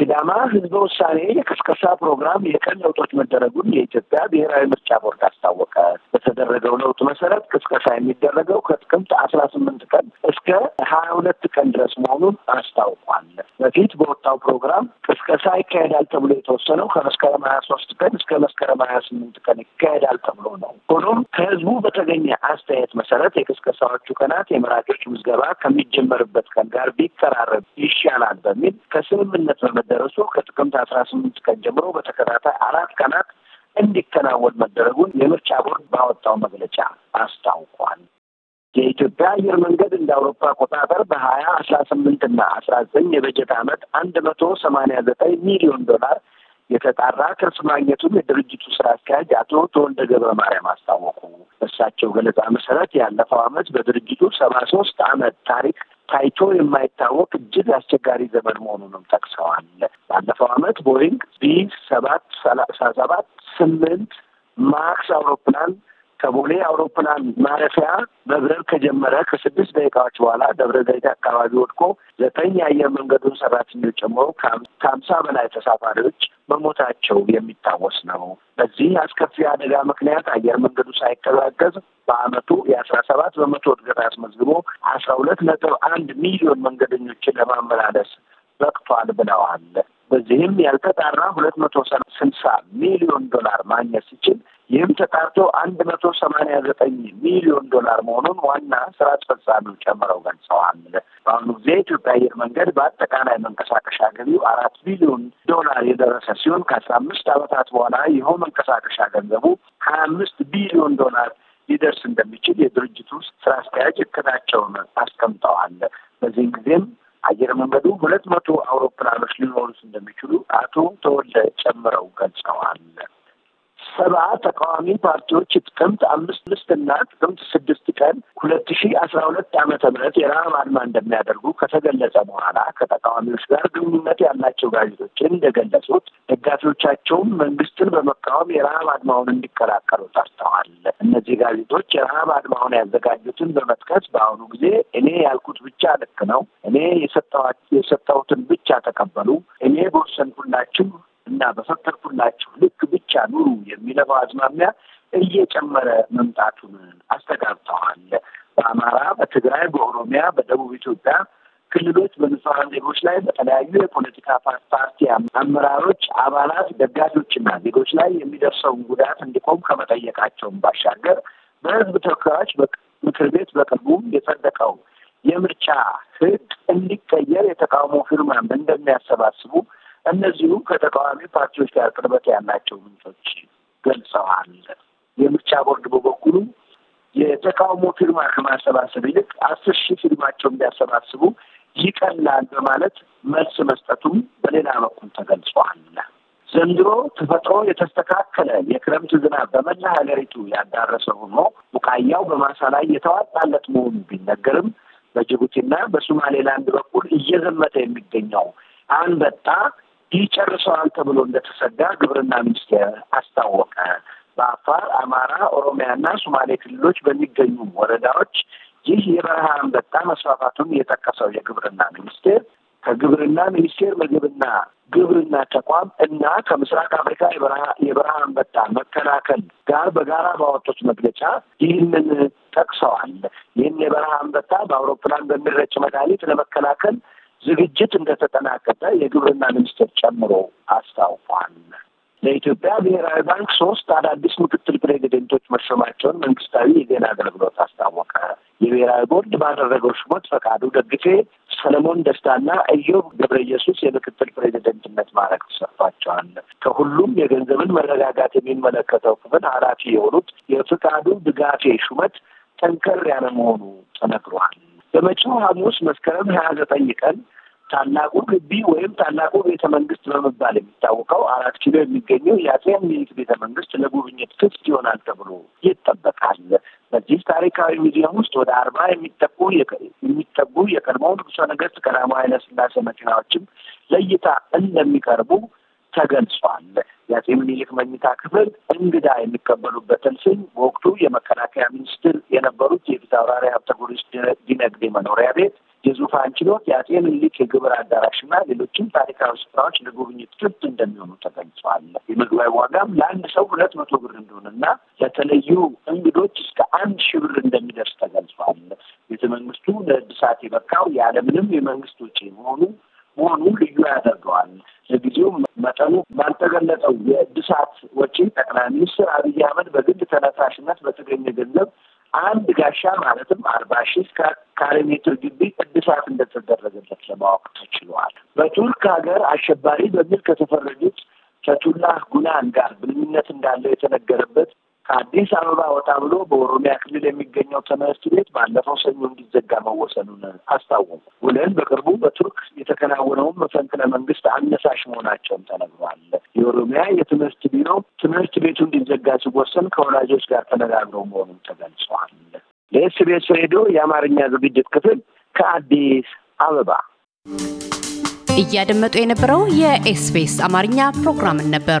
በሲዳማ ህዝበ ውሳኔ የቅስቀሳ ፕሮግራም የቀን ለውጦች መደረጉን የኢትዮጵያ ብሔራዊ ምርጫ ቦርድ አስታወቀ። በተደረገው ለውጥ መሰረት ቅስቀሳ የሚደረገው ከጥቅምት አስራ ስምንት ቀን እስከ ሀያ ሁለት ቀን ድረስ መሆኑን አስታውቋል። በፊት በወጣው ፕሮግራም ቅስቀሳ ይካሄዳል ተብሎ የተወሰነው ከመስከረም ሀያ ሶስት ቀን እስከ መስከረም ሀያ ስምንት ቀን ይካሄዳል ተብሎ ነው። ሆኖም ከህዝቡ በተገኘ አስተያየት መሰረት የቅስቀሳዎቹ ቀናት የመራጮች ምዝገባ ከሚጀመርበት ቀን ጋር ቢቀራረብ ይሻላል በሚል ከስምምነት መመ መደረሱ ከጥቅምት አስራ ስምንት ቀን ጀምሮ በተከታታይ አራት ቀናት እንዲከናወን መደረጉን የምርጫ ቦርድ ባወጣው መግለጫ አስታውቋል። የኢትዮጵያ አየር መንገድ እንደ አውሮፓ አቆጣጠር በሀያ አስራ ስምንት እና አስራ ዘጠኝ የበጀት ዓመት አንድ መቶ ሰማኒያ ዘጠኝ ሚሊዮን ዶላር የተጣራ ቅርጽ ማግኘቱን የድርጅቱ ስራ አስኪያጅ አቶ ተወልደ ገብረ ማርያም አስታወቁ። በእሳቸው ገለጻ መሰረት ያለፈው ዓመት በድርጅቱ ሰባ ሶስት ዓመት ታሪክ ታይቶ የማይታወቅ እጅግ አስቸጋሪ ዘመን መሆኑንም ጠቅሰዋል። ባለፈው ዓመት ቦይንግ ቢ ሰባት ሰላሳ ሰባት ስምንት ማክስ አውሮፕላን ከቦሌ አውሮፕላን ማረፊያ መብረር ከጀመረ ከስድስት ደቂቃዎች በኋላ ደብረ ዘይት አካባቢ ወድቆ ዘጠኝ የአየር መንገዱን ሰራተኞች ጨምሮ ከሀምሳ በላይ ተሳፋሪዎች መሞታቸው የሚታወስ ነው። በዚህ አስከፊ አደጋ ምክንያት አየር መንገዱ ሳይቀዛቀዝ በአመቱ የአስራ ሰባት በመቶ እድገት አስመዝግቦ አስራ ሁለት ነጥብ አንድ ሚሊዮን መንገደኞችን ለማመላለስ በቅቷል ብለዋል። በዚህም ያልተጣራ ሁለት መቶ ስልሳ ሚሊዮን ዶላር ማግኘት ሲችል ይህም ተጣርቶ አንድ መቶ ሰማኒያ ዘጠኝ ሚሊዮን ዶላር መሆኑን ዋና ስራ አስፈጻሚው ጨምረው ገልጸዋል። በአሁኑ ጊዜ የኢትዮጵያ አየር መንገድ በአጠቃላይ መንቀሳቀሻ ገቢው አራት ቢሊዮን ዶላር የደረሰ ሲሆን ከአስራ አምስት ዓመታት በኋላ ይኸው መንቀሳቀሻ ገንዘቡ ሀያ አምስት ቢሊዮን ዶላር ሊደርስ እንደሚችል የድርጅቱ ስራ አስኪያጅ እቅዳቸውን አስቀምጠዋል። በዚህም ጊዜም አየር መንገዱ ሁለት መቶ አውሮፕላኖች ሊኖሩት እንደሚችሉ አቶ ተወልደ ጨምረው ገልጸዋል። ሰብአ ተቃዋሚ ፓርቲዎች ጥቅምት አምስት ምስት እና ጥቅምት ስድስት ቀን ሁለት ሺ አስራ ሁለት ዓመተ ምህረት የረሃብ አድማ እንደሚያደርጉ ከተገለጸ በኋላ ከተቃዋሚዎች ጋር ግንኙነት ያላቸው ጋዜጦችን እንደገለጹት ደጋፊዎቻቸውም መንግስትን በመቃወም የረሃብ አድማውን እንዲቀላቀሉ ጠርተዋል። እነዚህ ጋዜጦች የረሃብ አድማውን ያዘጋጁትን በመጥቀስ በአሁኑ ጊዜ እኔ ያልኩት ብቻ ልክ ነው፣ እኔ የሰጠሁትን ብቻ ተቀበሉ፣ እኔ በወሰንኩላችሁ እና በፈቀድኩላችሁ ብቻ ኑሩ የሚለው አዝማሚያ እየጨመረ መምጣቱን አስተጋብተዋል። በአማራ፣ በትግራይ፣ በኦሮሚያ፣ በደቡብ ኢትዮጵያ ክልሎች በንጹሐን ዜጎች ላይ በተለያዩ የፖለቲካ ፓርቲ አመራሮች፣ አባላት፣ ደጋፊዎችና ዜጎች ላይ የሚደርሰውን ጉዳት እንዲቆም ከመጠየቃቸውን ባሻገር በህዝብ ተወካዮች ምክር ቤት በቅርቡ የጸደቀው የምርጫ ህግ እንዲቀየር የተቃውሞ ፊርማም እንደሚያሰባስቡ እነዚሁም ከተቃዋሚ ፓርቲዎች ጋር ቅርበት ያላቸው ምንጮች ገልጸዋል። የምርጫ ቦርድ በበኩሉ የተቃውሞ ፊርማ ከማሰባሰብ ይልቅ አስር ሺህ ፊርማቸው እንዲያሰባስቡ ይቀላል በማለት መልስ መስጠቱም በሌላ በኩል ተገልጿል። ዘንድሮ ተፈጥሮ የተስተካከለ የክረምት ዝናብ በመላ ሀገሪቱ ያዳረሰ ሆኖ ቡቃያው በማሳ ላይ የተዋጣለት መሆኑ ቢነገርም በጅቡቲና በሶማሌላንድ በኩል እየዘመተ የሚገኘው አንበጣ ይጨርሰዋል ተብሎ እንደተሰጋ ግብርና ሚኒስቴር አስታወቀ። በአፋር፣ አማራ፣ ኦሮሚያና ሶማሌ ክልሎች በሚገኙ ወረዳዎች ይህ የበረሃ አንበጣ መስፋፋቱን የጠቀሰው የግብርና ሚኒስቴር ከግብርና ሚኒስቴር ምግብና ግብርና ተቋም እና ከምስራቅ አፍሪካ የበረሃ አንበጣ መከላከል ጋር በጋራ ባወጡት መግለጫ ይህንን ጠቅሰዋል። ይህን የበረሃ አንበጣ በአውሮፕላን በሚረጭ መድኃኒት ለመከላከል ዝግጅት እንደተጠናቀቀ የግብርና ሚኒስቴር ጨምሮ አስታውቋል። ለኢትዮጵያ ብሔራዊ ባንክ ሶስት አዳዲስ ምክትል ፕሬዚደንቶች መሾማቸውን መንግስታዊ የዜና አገልግሎት አስታወቀ። የብሔራዊ ቦርድ ባደረገው ሹመት ፈቃዱ ደግፌ፣ ሰለሞን ደስታና እዮብ ገብረ ኢየሱስ የምክትል ፕሬዚደንትነት ማዕረግ ተሰጥቷቸዋል። ከሁሉም የገንዘብን መረጋጋት የሚመለከተው ክፍል ኃላፊ የሆኑት የፈቃዱ ድጋፌ ሹመት ጠንከር ያለ መሆኑ ተነግሯል። በመጪው ሐሙስ መስከረም ሀያ ዘጠኝ ቀን ታላቁ ግቢ ወይም ታላቁ ቤተ መንግስት በመባል የሚታወቀው አራት ኪሎ የሚገኘው የአጼ ምኒልክ ቤተ መንግስት ለጉብኝት ክፍት ይሆናል ተብሎ ይጠበቃል። በዚህ ታሪካዊ ሙዚየም ውስጥ ወደ አርባ የሚጠጉ የሚጠጉ የቀድሞው ንጉሠ ነገሥት ቀዳማዊ ኃይለ ሥላሴ መኪናዎችም ለእይታ እንደሚቀርቡ ተገልጿል። የአጼ ምኒልክ መኝታ ክፍል እንግዳ የሚቀበሉበትን ስም በወቅቱ የመከላከያ ሚኒስትር የነበሩት የፊት አውራሪ ሀብተ ዲነግዴ መኖሪያ ቤት፣ የዙፋን ችሎት፣ የአጼ ምኒልክ የግብር አዳራሽና ሌሎችም ታሪካዊ ስፍራዎች ለጉብኝት ክፍት እንደሚሆኑ ተገልጿል። የምግባዊ ዋጋም ለአንድ ሰው ሁለት መቶ ብር እንደሆነና ለተለዩ እንግዶች እስከ አንድ ሺህ ብር እንደሚደርስ ተገልጿል። ቤተ መንግስቱ ለእድሳት የበቃው ያለምንም የመንግስት ውጪ መሆኑ መሆኑ ልዩ ያደርገዋል። ለጊዜው መጠኑ ባልተገለጠው የእድሳት ወጪ ጠቅላይ ሚኒስትር አብይ አህመድ በግል ተነሳሽነት በተገኘ ገንዘብ አንድ ጋሻ ማለትም አርባ ሺ ካሬ ሜትር ግቢ እድሳት እንደተደረገለት ለማወቅ ተችሏል። በቱርክ ሀገር አሸባሪ በሚል ከተፈረጁት ፈቱላህ ጉላን ጋር ግንኙነት እንዳለው የተነገረበት ከአዲስ አበባ ወጣ ብሎ በኦሮሚያ ክልል የሚገኘው ትምህርት ቤት ባለፈው ሰኞ እንዲዘጋ መወሰኑን አስታወቁ። ሁለን በቅርቡ በቱርክ የተከናወነውን መፈንቅለ መንግስት አነሳሽ መሆናቸውን ተነግሯል። የኦሮሚያ የትምህርት ቢሮ ትምህርት ቤቱ እንዲዘጋ ሲወሰን ከወላጆች ጋር ተነጋግረው መሆኑን ተገልጿል። ለኤስቤስ ሬዲዮ የአማርኛ ዝግጅት ክፍል ከአዲስ አበባ እያደመጡ የነበረው የኤስቤስ አማርኛ ፕሮግራምን ነበር።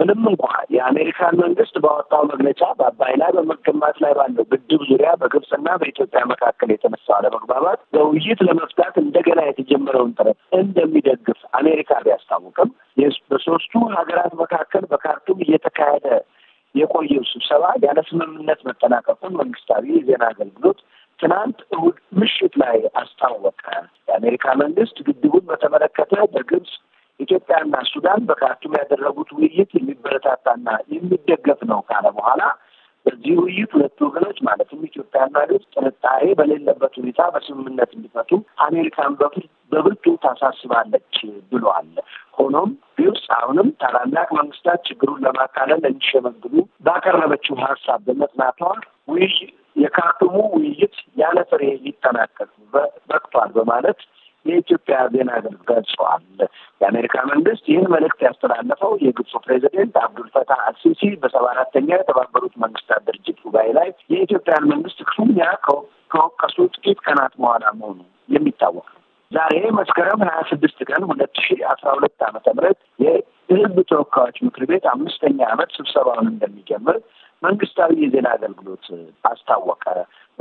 ምንም እንኳ የአሜሪካን መንግስት ባወጣው መግለጫ በአባይ ላይ በመገንባት ላይ ባለው ግድብ ዙሪያ በግብፅና በኢትዮጵያ መካከል የተነሳው አለመግባባት በውይይት ለመፍታት እንደገና የተጀመረውን ጥረት እንደሚደግፍ አሜሪካ ቢያስታውቅም በሶስቱ ሀገራት መካከል በካርቱም እየተካሄደ የቆየው ስብሰባ ያለ ስምምነት መጠናቀቁን መንግስታዊ የዜና አገልግሎት ትናንት እሁድ ምሽት ላይ አስታወቀ። የአሜሪካ መንግስት ግድቡን በተመለከተ በግብፅ ኢትዮጵያና ሱዳን በካርቱም ያደረጉት ውይይት የሚበረታታና የሚደገፍ ነው ካለ በኋላ በዚህ ውይይት ሁለቱ ወገኖች ማለትም ኢትዮጵያና ግብጽ ጥርጣሬ በሌለበት ሁኔታ በስምምነት እንዲፈቱ አሜሪካን በብርቱ ታሳስባለች ብሏል። ሆኖም ግብጽ አሁንም ታላላቅ መንግስታት ችግሩን ለማካለል እንዲሸመግሉ ባቀረበችው ሀሳብ በመጽናቷ ውይይ የካርቱሙ ውይይት ያለ ፍሬ ሊጠናቀቅ በቅቷል በማለት የኢትዮጵያ ዜና አገልግሎት ገልጸዋል። የአሜሪካ መንግስት ይህን መልእክት ያስተላለፈው የግብፁ ፕሬዚደንት አብዱልፈታህ አልሲሲ በሰባ አራተኛ የተባበሩት መንግስታት ድርጅት ጉባኤ ላይ የኢትዮጵያን መንግስት ክፉኛ ከወቀሱ ጥቂት ቀናት በኋላ መሆኑ የሚታወቅ ነው። ዛሬ መስከረም ሀያ ስድስት ቀን ሁለት ሺ አስራ ሁለት ዓመተ ምህረት የህዝብ ተወካዮች ምክር ቤት አምስተኛ ዓመት ስብሰባውን እንደሚጀምር መንግስታዊ የዜና አገልግሎት አስታወቀ።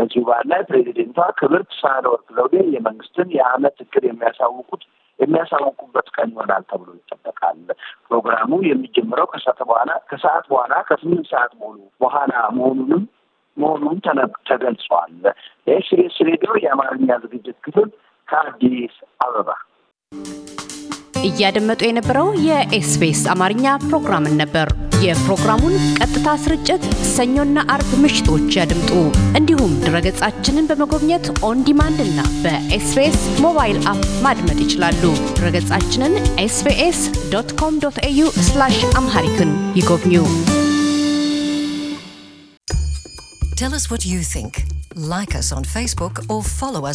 በዚሁ በዓል ላይ ፕሬዚደንቷ ክብርት ሳህለወርቅ ዘውዴ የመንግስትን የአመት እቅድ የሚያሳውቁት የሚያሳውቁበት ቀን ይሆናል ተብሎ ይጠበቃል። ፕሮግራሙ የሚጀምረው ከሰዓት በኋላ ከሰዓት በኋላ ከስምንት ሰዓት መሆኑ በኋላ መሆኑንም መሆኑን ተገልጿል። የኤስቤስ ሬዲዮ የአማርኛ ዝግጅት ክፍል ከአዲስ አበባ እያደመጡ የነበረው የኤስቢኤስ አማርኛ ፕሮግራምን ነበር። የፕሮግራሙን ቀጥታ ስርጭት ሰኞና አርብ ምሽቶች ያድምጡ። እንዲሁም ድረገጻችንን በመጎብኘት ኦን ዲማንድ እና በኤስቤስ ሞባይል አፕ ማድመጥ ይችላሉ። ድረገጻችንን ኤስቤስ ዶት ኮም ዶት ኤዩ አምሃሪክን ይጎብኙ። Tell us what you think. Like us on Facebook or follow